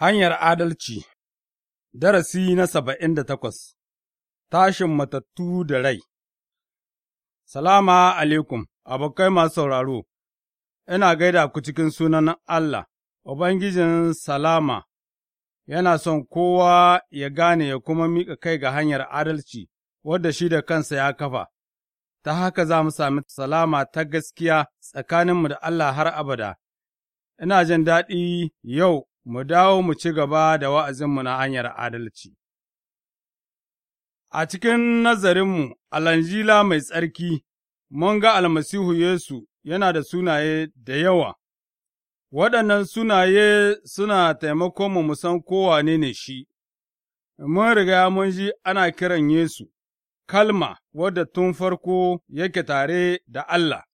Hanyar Adalci Darasi na saba'in da takwas Tashin matattu da rai Salama alaikum, abokai masu sauraro, ina gaida ku cikin sunan Allah, Ubangijin Salama, yana son kowa ya gane ya kuma miƙa kai ga hanyar adalci, wadda shi da kansa ya kafa, ta haka za mu sami salama ta gaskiya tsakaninmu da Allah har abada. Ina jin daɗi yau mu dawo mu ci gaba da wa'azinmu na hanyar adalci. A cikin nazarinmu alhanzila mai tsarki, mun ga almasihu Yesu yana da sunaye da yawa, waɗannan sunaye suna taimakon mu san kowane ne shi, mun riga mun ji ana kiran Yesu, kalma wadda tun farko yake tare da Allah,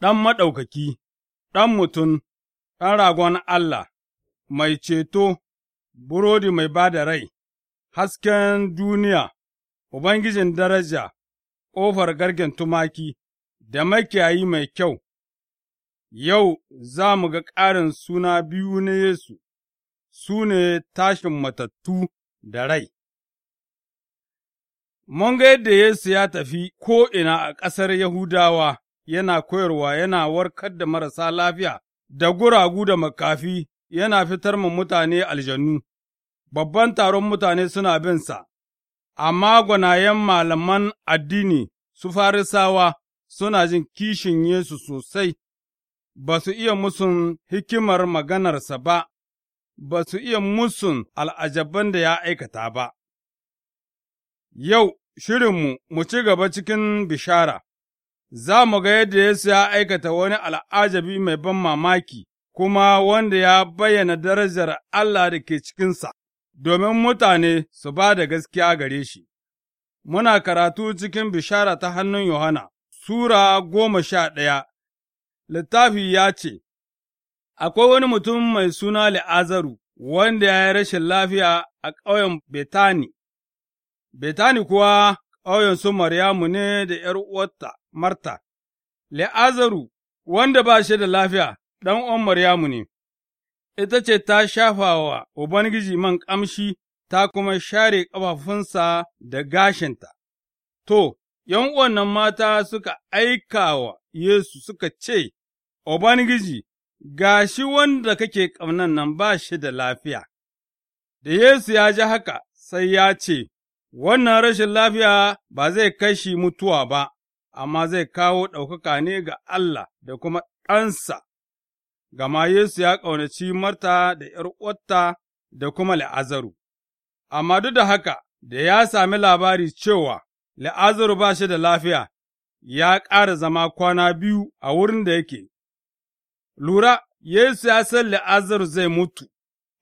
ɗan maɗaukaki, ɗan mutum, ɗan ragon Allah. mai ceto, burodi mai ba da rai, hasken duniya, Ubangijin daraja, ƙofar gargen tumaki, da makiyayi mai kyau, yau za mu ga ƙarin suna biyu na Yesu, su ne tashin matattu da rai. Mun ga yadda Yesu ya tafi ko'ina a ƙasar Yahudawa, yana koyarwa yana warkar da marasa lafiya da guragu da makafi yana fitar ma mutane aljanu, babban taron mutane suna binsa, amma gwanayen malaman addini su farisawa suna jin kishin Yesu sosai, ba su iya musun hikimar maganarsa ba, ba su iya musun al'ajaban da ya aikata ba. Yau shirinmu mu ci gaba cikin bishara, za mu ga yadda Yesu ya aikata wani al'ajabi mai ban mamaki. kuma wanda ya bayyana darajar Allah da ke cikinsa, domin mutane su ba da gaskiya gare shi. Muna karatu cikin bishara ta hannun Yohana, Sura goma sha ɗaya, littafi ya ce, Akwai wani mutum mai suna Li'azaru, wanda ya yi rashin lafiya a ƙauyen Betani, Betani kuwa ƙauyen su Maryamu ne da yaruwarta Marta, Li'azaru, wanda ba shi da lafiya, ɗan'uwan Maryamu ne, ita ce ta shafa wa Ubangiji man ƙamshi ta kuma share ƙafafunsa da gashinta. To, ’yan nan mata suka aika wa Yesu suka ce, Ubangiji, ga shi wanda kake ƙaunan nan ba shi da lafiya. Da Yesu ya ji haka, sai ya ce, Wannan rashin lafiya ba zai kashi mutuwa ba, amma zai kawo ɗaukaka ne ga Allah da kuma ɗansa, gama Yesu ya ƙaunaci Marta da ’yar'uwarta da kuma la'azaru. Amma duk da haka, da ya sami labari cewa la'azaru ba shi da lafiya, ya ƙara zama kwana biyu a wurin da yake. Lura, Yesu ya san la'azaru zai mutu,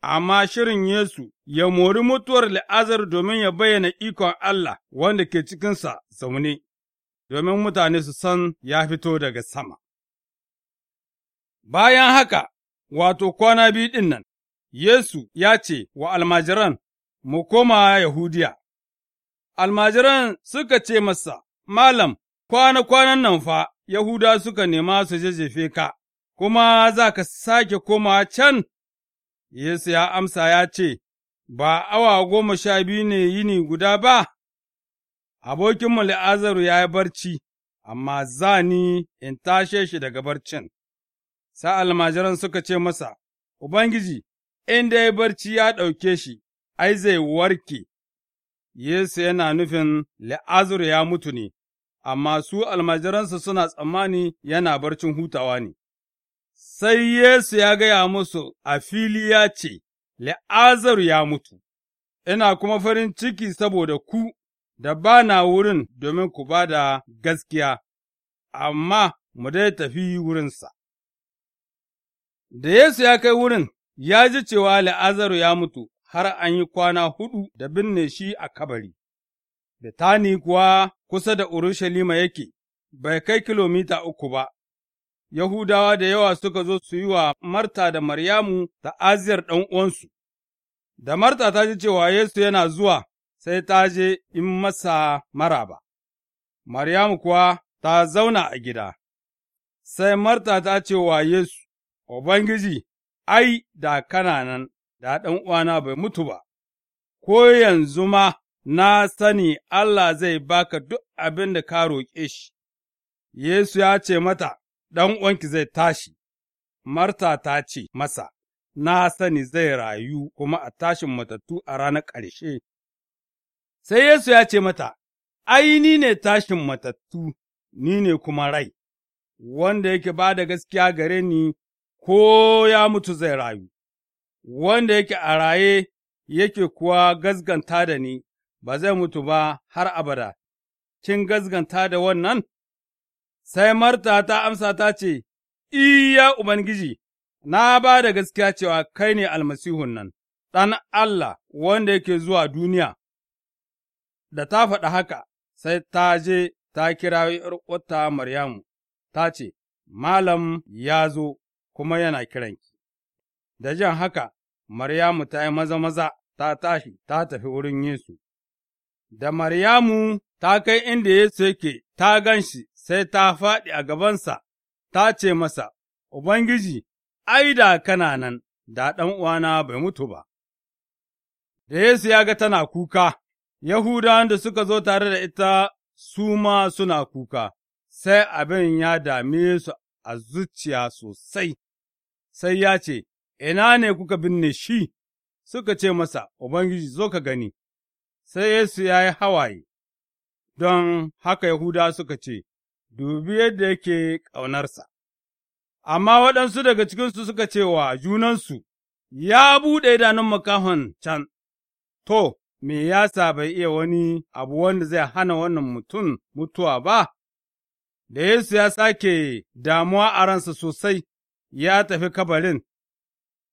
amma shirin Yesu ya mori mutuwar la'azaru domin ya bayyana ikon Allah wanda ke cikinsa zaune, domin mutane su san ya fito daga sama. Bayan haka, wato kwana biyu ɗin nan, Yesu ya ce wa almajiran, Mu koma Yahudiya. Almajiran suka ce masa, Malam, kwana-kwanan nan fa, Yahuda suka nema su jajjefe ka, kuma za ka sake koma can? Yesu ya amsa ya ce, Ba awa goma sha biyu ne yini guda ba? Abokinmu Li'azaru ya yi barci, amma za ni in tashe shi daga barcin. Sa almajiran suka ce masa, Ubangiji, in dai barci ya ɗauke shi, ai zai warke. Yesu yana nufin la'azur ya mutu ne, amma su almajiransa suna tsammani yana barcin hutawa ne. Sai Yesu ya gaya musu a fili ya ce, La'azar ya mutu, ina kuma farin ciki saboda ku da ba na wurin domin ku ba da gaskiya, amma mu dai tafi wurinsa. Da Yesu ya kai wurin, ya ji cewa La'azaru ya mutu har an yi kwana huɗu da binne shi a kabari. Betani kuwa kusa da Urushalima yake, bai kai kilomita uku ba, Yahudawa da yawa suka zo su yi wa Marta da Maryamu ta'aziyar uwansu. da Marta ta ji cewa Yesu yana zuwa sai ta je in masa mara ba. Maryamu kuwa ta zauna a gida, sai Marta ta ce wa Yesu, Ubangiji, ai, da kana nan, da ɗan'uwana bai mutu ba, ko yanzu ma na sani Allah zai baka duk abin da ka roƙe shi, Yesu ya ce mata, ɗan'uwanki zai tashi, Marta ta ce masa, Na sani zai rayu kuma a tashin matattu a ranar ƙarshe. Sai Yesu ya ce mata, Ai, ni ne tashin matattu, ni ne kuma rai, wanda yake ba da gaskiya gare ni ko ya mutu zai rayu, wanda yake a raye yake kuwa gazganta da ni, ba zai mutu ba har abada, kin gazganta da wannan? Sai Marta ta amsa ta ce, Iya Ubangiji, na ba da gaskiya cewa kai ne almasihun nan, ɗan Allah wanda yake zuwa duniya. Da ta faɗa haka, sai ta je ta kira ’yar'uwarta Maryamu, ta ce, Malam ya zo, kuma yana kiranki. Da jan haka, Maryamu ta yi maza maza ta tashi ta tafi wurin Yesu. Da Maryamu ta kai inda Yesu yake ta gan shi sai ta faɗi a gabansa, ta ce masa, Ubangiji, ai, da kana nan, da uwana bai mutu ba. Da Yesu ya ga tana kuka, Yahudawan da suka zo tare da ita su ma suna kuka, sai abin ya dame su a zuciya sosai, sai ya ce, Ina ne kuka binne shi, suka ce masa, Ubangiji zo ka gani, sai Yesu ya yi hawaye, don haka Yahuda suka ce, Dubi yadda yake ƙaunarsa. Amma waɗansu daga cikinsu suka ce wa junansu, Ya buɗe idanun makahon can, to, me yasa bai iya wani abu wanda zai hana wannan mutum mutuwa ba? da Yesu ya sake damuwa a ransa sosai, ya tafi kabarin,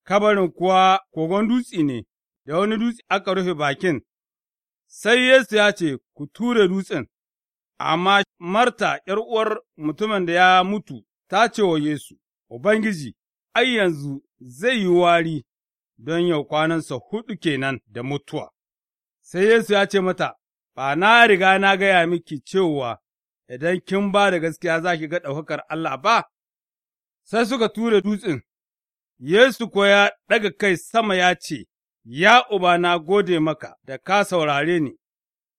kabarin kuwa kogon dutse ne, da wani dutse aka rufe bakin, sai Yesu ya ce, Ku ture dutsen, amma Marta, 'yar uwar mutumin da ya mutu, ta ce wa Yesu, Ubangiji, ai yanzu zai yi wari don yau kwanansa hudu kenan da mutuwa. Sai Yesu ya ce mata, Ba na riga na gaya miki cewa idan kin ba da gaskiya za ki ga ɗaukakar Allah ba, sai suka ture dutsen, Yesu ko ya ɗaga kai sama ya ce, Ya uba na gode maka da ka saurare ni,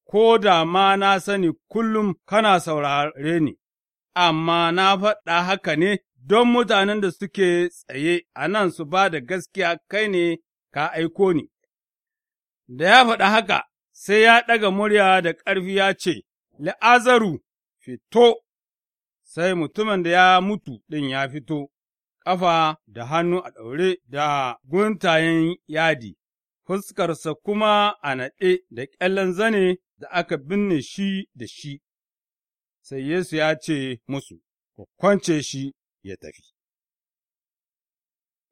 ko da ma na sani kullum kana saurare ni, amma na faɗa haka ne don mutanen da suke tsaye a nan su ba da gaskiya kai ne ka aiko ni. Da ya faɗa haka, sai ya ɗaga murya da ƙarfi ya ce, La'azaru, fito, sai mutumin da ya mutu ɗin ya fito, ƙafa da hannu a ɗaure da guntayen yadi, fuskarsa kuma a naɗe da ƙyallen zane da aka binne shi da shi. Sai Yesu ya ce musu, Ku kwance shi ya tafi.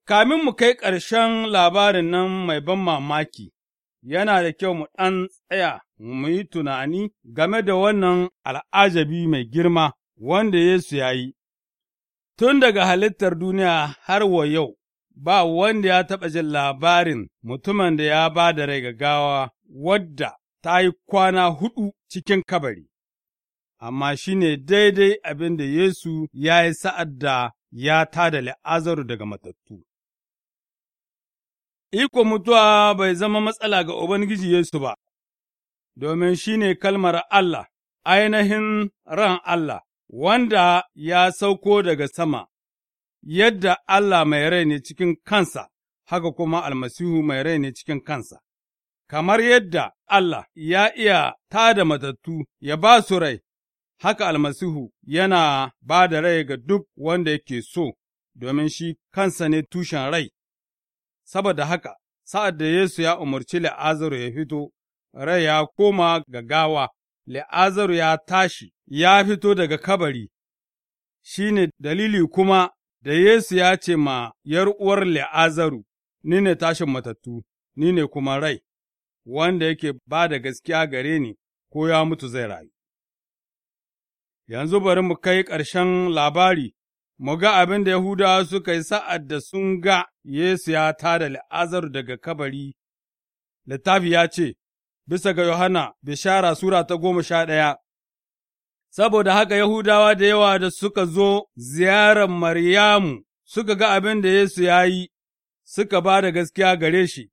Kamin mu kai ƙarshen labarin nan mai ban mamaki, yana da kyau mu ɗan tsaya mu yi tunani game da wannan al'ajabi mai girma wanda Yesu ya yi, tun daga halittar duniya har wa yau, ba wanda ya taɓa jin labarin mutumin da ya ba da rai gawa wadda ta yi kwana huɗu cikin kabari, amma shi ne daidai abin da Yesu ya yi sa'ad da ya tada da la'azaru daga matattu. Iko mutuwa bai zama matsala ga Ubangiji Yesu ba, domin shi ne kalmar Allah, ainihin ran Allah, wanda ya sauko daga sama, yadda Allah mai rai ne cikin kansa, haka kuma almasihu mai rai ne cikin kansa. Kamar yadda Allah ya iya ta da matattu ya ba su rai, haka almasihu yana ba da rai ga duk wanda yake so, domin shi kansa ne tushen rai. saboda haka, sa'ad da Yesu ya umarci La'azaru ya fito, rai ya koma ga gawa, La'azaru ya tashi, ya fito daga kabari, shi ne dalili kuma da Yesu ya ce ma uwar La'azaru, Ni ne tashin matattu, ni ne kuma rai, wanda yake ba da gaskiya gare ni ko ya mutu zai rayu. Yanzu bari mu kai ƙarshen labari mu ga abin da Yahudawa suka yi sa'ad da sun ga Yesu ya tada la'azaru daga kabari, littafi ya ce, bisa ga Yohana, Bishara Sura ta goma sha ɗaya. Saboda haka Yahudawa da yawa da suka zo ziyarar Maryamu suka ga abin da Yesu ya yi, suka ba da gaskiya gare shi,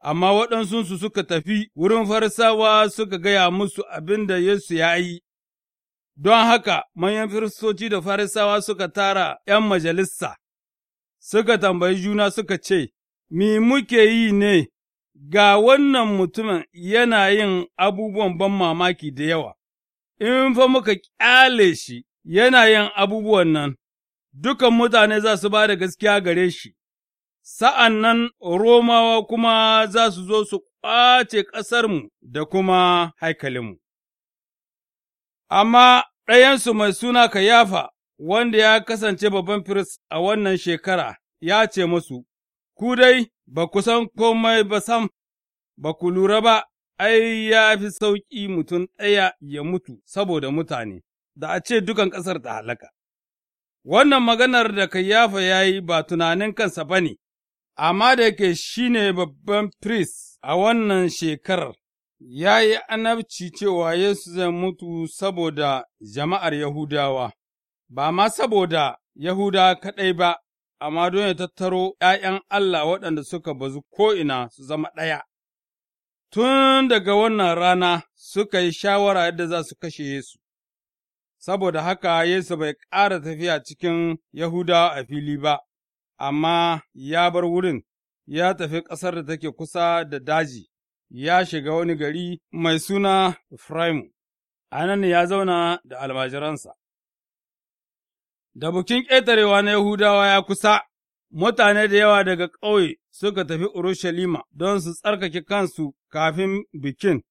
amma waɗansunsu suka tafi wurin farsawa suka gaya musu abin da Yesu ya yi. Don haka manyan firistoci da farisawa suka tara ’yan majalisa, suka tambayi juna suka ce, Mi muke yi ne, ga wannan mutumin yana yin abubuwan ban mamaki da yawa, in fa muka ƙyale shi yana yin abubuwan nan, dukan mutane za su ba da gaskiya gare shi, sa'an nan Romawa kuma za su zo su ƙwace ƙasarmu da kuma haikalinmu. amma ɗayansu mai suna Kayafa, wanda ya kasance babban firist a wannan shekara, ya ce musu, Ku dai ba ku san komai ba sam, ba ku lura ba, ai, ya fi sauƙi mutum ɗaya ya mutu saboda mutane, da a ce dukan ƙasar ta halaka. Wannan maganar da Kayafa ya yi ba tunanin kansa ba ne, amma da yake shi ne babban firist a wannan shekarar, ya yi annabci cewa Yesu zai mutu saboda jama'ar Yahudawa, ba ma saboda Yahuda kaɗai ba, amma don ya tattaro ’ya'yan Allah waɗanda suka bazu ko'ina su zama ɗaya. Tun daga wannan rana suka yi shawara yadda za su kashe Yesu, saboda haka Yesu bai ƙara tafiya cikin Yahudawa a fili ba, amma ya bar wurin, ya tafi ƙasar da take kusa da daji. ya shiga wani gari mai suna Efraimu, a nan ya zauna da almajiransa. Da bukin ƙetarewa na Yahudawa ya kusa, mutane da yawa daga ƙauye suka tafi Urushalima don su tsarkake kansu kafin bikin,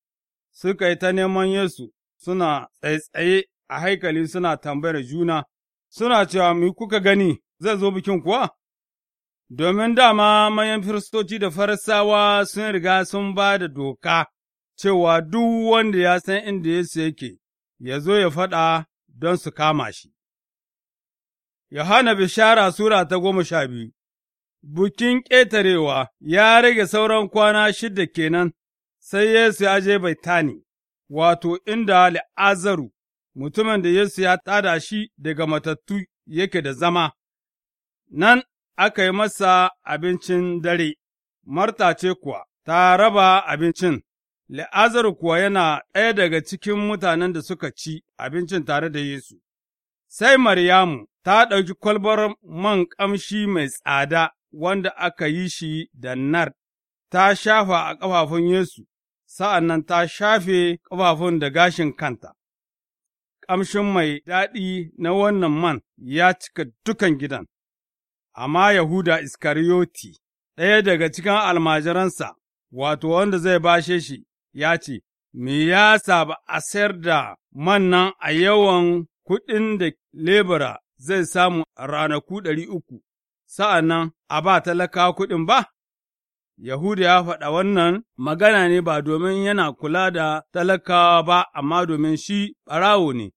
suka yi ta neman Yesu suna tsaitsaye a haikali suna tambayar juna, suna cewa mu kuka gani zai zo bikin kuwa? domin dama mayan firistoci da farisawa sun riga sun ba da doka cewa duk wanda ya san inda Yesu yake, ya zo ya faɗa don su kama shi. Yohana Bishara Sura ta goma sha biyu Bukin ƙetarewa ya rage sauran kwana shida kenan, sai Yesu ya je Baitani, wato inda La'azaru, mutumin da Yesu ya tada shi daga matattu yake da zama, nan aka yi masa abincin dare, Marta ce kuwa ta raba abincin, La'azar kuwa yana ɗaya daga cikin mutanen da suka ci abincin tare da Yesu. Sai Maryamu ta ɗauki kwalbar man ƙamshi mai tsada wanda aka yi shi da nar, ta shafa a ƙafafun Yesu, sa'an nan ta shafe ƙafafun da gashin kanta. Ƙamshin mai daɗi na wannan man ya cika dukan gidan. amma Yahuda Iskariyoti, ɗaya daga cikin almajiransa, wato wanda zai bashe shi, ya ce, Me ya ba a sayar da mannan a yawan kuɗin da lebura zai samu ranaku ɗari uku, sa'an nan a ba talaka kuɗin ba? Yahuda ya faɗa wannan magana ne ba domin yana kula da talakawa ba, amma domin shi ɓarawo ne,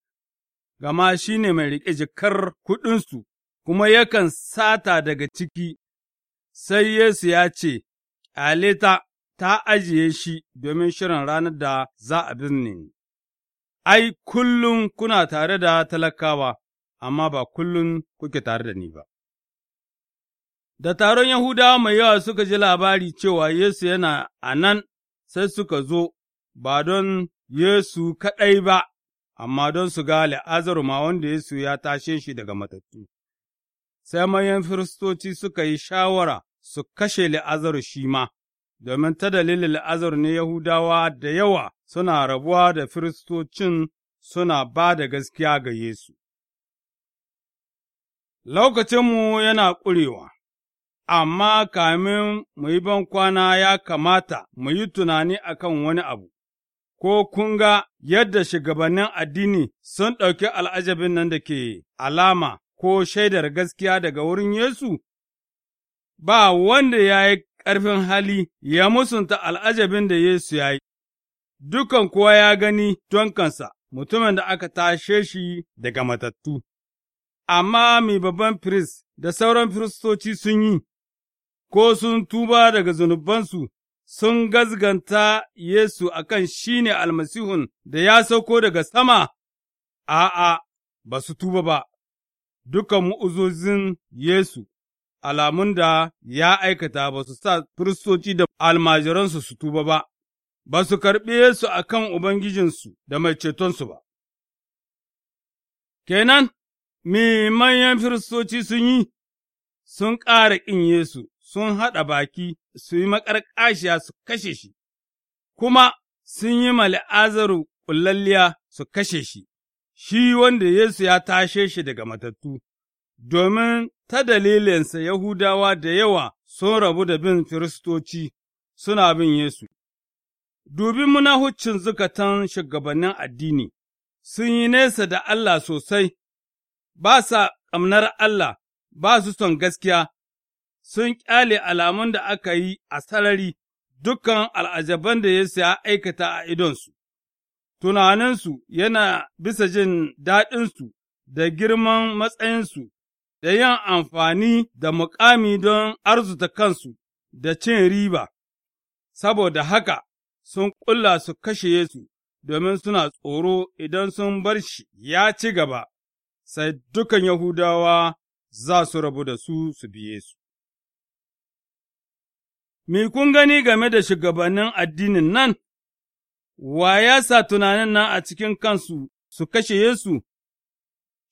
gama shi ne mai riƙe jikar kuɗinsu kuma yakan sata daga ciki, sai Yesu ya ce, Aleta ta, ajiye shi domin shirin ranar da za a ni. Ai, kullum kuna tare da talakawa, amma ba kullum kuke tare da ni ba. Da taron Yahudawa mai yawa suka ji labari cewa Yesu yana a nan, sai suka zo, ba don Yesu kaɗai ba, amma don su ga la'azaru ma wanda Yesu ya tashe shi daga matattu. sai manyan firistoci suka yi shawara su kashe la'azar shi ma, domin ta dalilin la'azar ne Yahudawa da yawa suna rabuwa da firistocin suna ba da gaskiya ga Yesu. Lokacinmu yana ƙurewa, amma kamin mu yi kwana ya kamata mu yi tunani a kan wani abu, ko kun ga yadda shugabannin addini sun ɗauki al'ajabin nan da ke alama ko shaidar gaskiya daga wurin Yesu, ba wanda ya yi ƙarfin hali ya musunta al'ajabin da Yesu ya yi, dukan kuwa ya gani don kansa mutumin da aka tashe shi daga matattu, amma mai babban firist da sauran firistoci sun yi, ko sun tuba daga zunubansu. sun gazganta Yesu a kan shi ne almasihun da ya sauko daga sama, a'a, ba su tuba ba, dukan mu'uzozin Yesu, alamun da ya aikata ba su sa firistoci da almajiransu su tuba ba, ba su karɓi Yesu a kan Ubangijinsu da mai cetonsu ba. Kenan, mi manyan firistoci sun yi, sun ƙara ƙin Yesu, sun haɗa baki su yi maƙarƙashiya su kashe shi, kuma sun yi mali'azaru ƙullalliya su kashe shi. shi wanda Yesu ya tashe shi daga matattu, domin ta dalilinsa Yahudawa da yawa sun rabu da bin Firistoci suna bin Yesu. Dubi munahuccin zukatan shugabannin addini, sun yi nesa da Allah sosai, ba sa ƙamnar Allah, ba su son gaskiya, sun ƙyale alamun da aka yi a sarari dukan al'ajaban da Yesu ya aikata a idonsu. tunaninsu yana bisa jin daɗinsu da girman matsayinsu, da yin amfani da muƙami don arzuta kansu da cin riba, saboda haka sun ƙulla su kashe Yesu domin suna tsoro idan sun bar shi ya ci gaba, sai dukan Yahudawa za su rabu da su su biye su. Me kun gani game da shugabannin addinin nan? wa ya sa tunanin nan a cikin kansu su kashe Yesu,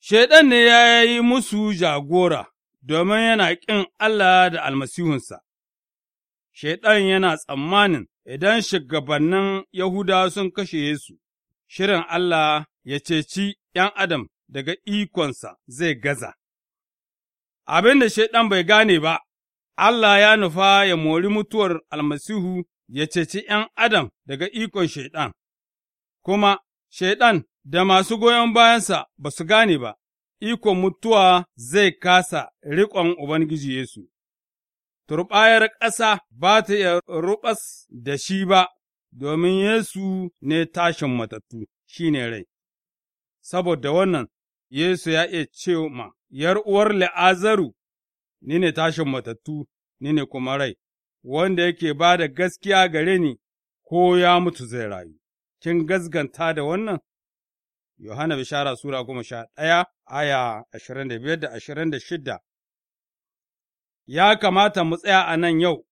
Shaiɗan ne ya yi musu jagora, domin yana ƙin Allah da almasihunsa. Shaiɗan yana tsammanin idan shugabannin Yahuda sun kashe Yesu, shirin Allah ya ceci ’yan Adam daga ikonsa zai gaza. Abin da Shaiɗan bai gane ba, Allah ya nufa ya mori mutuwar almasihu ya ceci ’yan Adam daga ikon Shaiɗan, kuma Shaiɗan da masu goyon bayansa ba su gane ba, ikon mutuwa zai kasa riƙon Ubangiji Yesu. Turɓayar ƙasa ba ta iya ruɓas da shi ba, domin Yesu ne tashin matattu shi ne rai. Saboda wannan, Yesu ya iya ce ma, ’yar uwar la'azaru, ni ne tashin matattu, ni ne kuma rai. wanda yake ba da gaskiya gare ni, ko ya mutu zai rayu, kin gasganta da wannan? Yohana Bishara Sura goma sha ɗaya, aya ashirin da biyar da ashirin da shidda. Ya kamata mu tsaya a nan yau,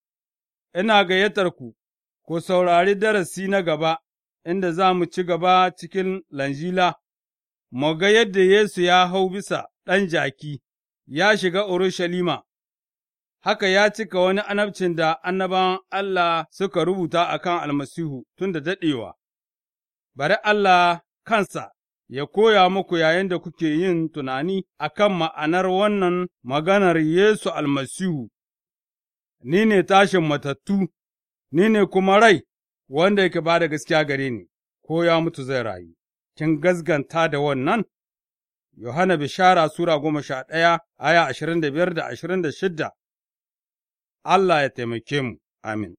ina gayyatar ku, ku saurari darasi na gaba, inda za mu ci gaba cikin Lanjila, mu ga yadda Yesu ya hau bisa ɗan jaki, ya shiga Urushalima. haka ya cika wani anabcin da annaban Allah suka rubuta a kan almasihu tun da daɗewa, bari Allah kansa ya koya muku yayin da kuke yin tunani a kan ma'anar wannan maganar Yesu almasihu, ni ne tashin matattu, ni ne kuma rai wanda yake ba da gaskiya gare ni, ko ya mutu zai rayu, kin gazganta da wannan? Yohana Bishara Sura goma sha ɗaya, aya ashirin da biyar da ashirin da shidda. Allah ya taimake mu, amin.